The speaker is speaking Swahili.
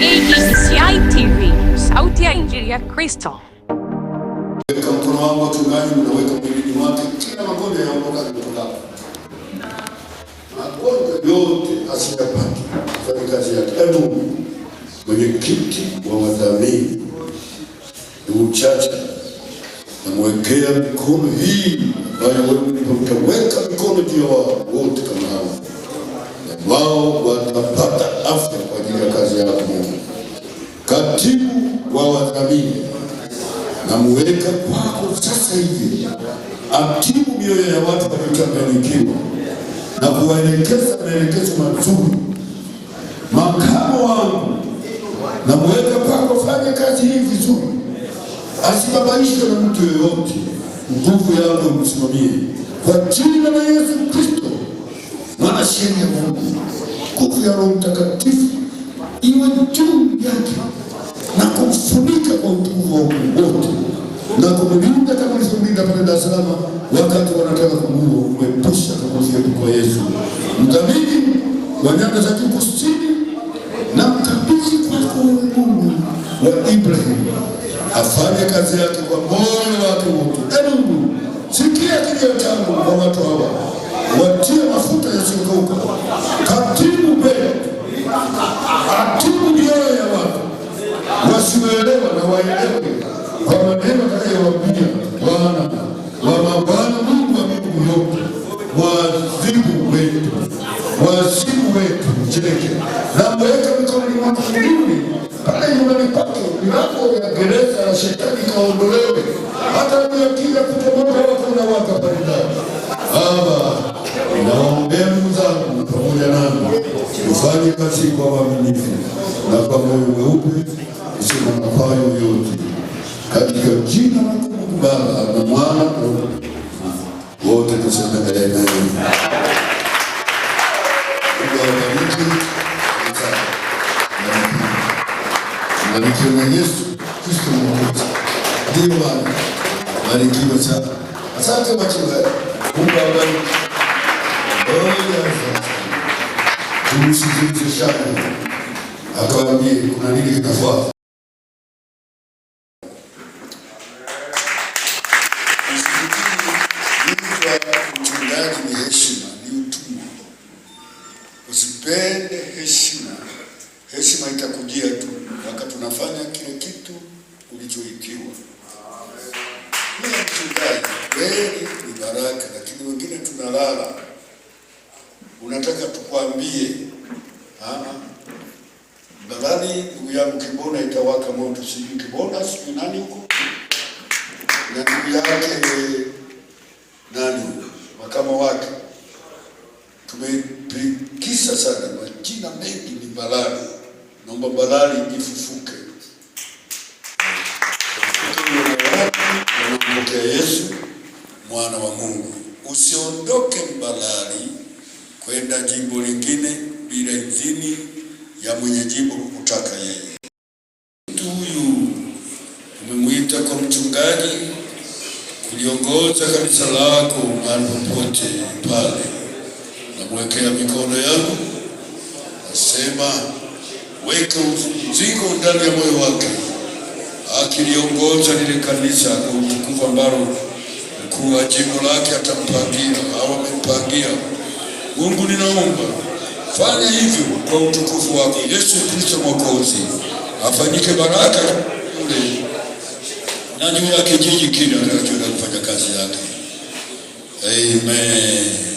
AGCI-TV, sauti ya Injili ya Kristo. Weka mkono wangu wachungaji, mnaweka mwilini wake, kila magonjwa yaondoka kutoka. Magonjwa yote asiyapate fanya kazi yake. Hebu mwenyekiti wa madhamini ndugu Chacha, namwekea mikono hii ambayo wewe utaweka mikono juu ya wao wote kama hao, wao watapata afya kwa ajili ya kazi yako Mungu. Katibu wa wadhamini namuweka kwako sasa hivi, atibu mioyo ya watu waliochanganyikiwa na kuwaelekeza maelekezo mazuri. Makamo wangu namuweka kwako, fanya kazi hii vizuri, asibabaishwe na mtu yoyote. Nguvu yako msimamie kwa jina la Yesu Kristo, mwana sheria ya Mungu nguvu ya Roho Mtakatifu iwe juu yake na kumfunika kwa utukufu wa wote na kumlinda kama ulivyolinda pale Dar es Salaam wakati wanataka kumuua, yetu kwa Yesu mdhamini wa nyanda za juu kusini, na mkabidhi kwako Mungu wa Ibrahim afanye kazi yake kwa moyo wake wote. Ee Mungu, sikia kilio changu kwa watu hawa kuelewa na waelewe kwa maneno atakayowambia Bwana wa mabwana, Mungu wa mbingu yote, wazimu wetu, wazimu wetu Njeke, namweka mikononi mwako mbinguni pale nyumbani pake, milango ya gereza na shetani kaondolewe, hata niakija kutomoka wako na waka paridai. Baba, naombea ndugu zangu pamoja nami, ufanye kazi kwa waaminifu na kwa moyo mweupe usiku katika jina la Mungu Baba na Mwana wote tuseme amen. Barikiwa na Yesu Kristo Mwokozi. Ndiyo Bwana, barikiwa sana. Asante wachungaji, Mungu awabariki. Tumsikilize shangwe, akawaambie kuna nini kinafuata. kuitwa mchungaji ni heshima, ni utumwa. Usipende heshima, heshima itakujia tu wakati unafanya kile kitu ulichoitiwa. Ni mchungaji kweli, ni baraka, lakini wengine tunalala. Unataka tukwambie nadhani ndugu yangu Kibona itawaka moto, sijui Kibona, sijui nani huko na ndugu yake kwamba rali ifufuke. Mpokea Yesu mwana wa Mungu, usiondoke Mbalali kwenda jimbo lingine bila idhini ya mwenye jimbo kukutaka yeye. Mtu huyu umemwita kwa mchungaji kuliongoza kanisa lako mahali popote pale, namwekea mikono yangu, nasema weka mzigo ndani ya moyo wake, akiliongoza lile kanisa kwa utukufu ambalo mkuu wa jimbo lake atampangia au amempangia. Mungu, ninaomba fanya hivyo kwa utukufu wako. Yesu Kristo Mwokozi, afanyike baraka ule na juu ya kijiji kile kufanya kazi yake. Amen.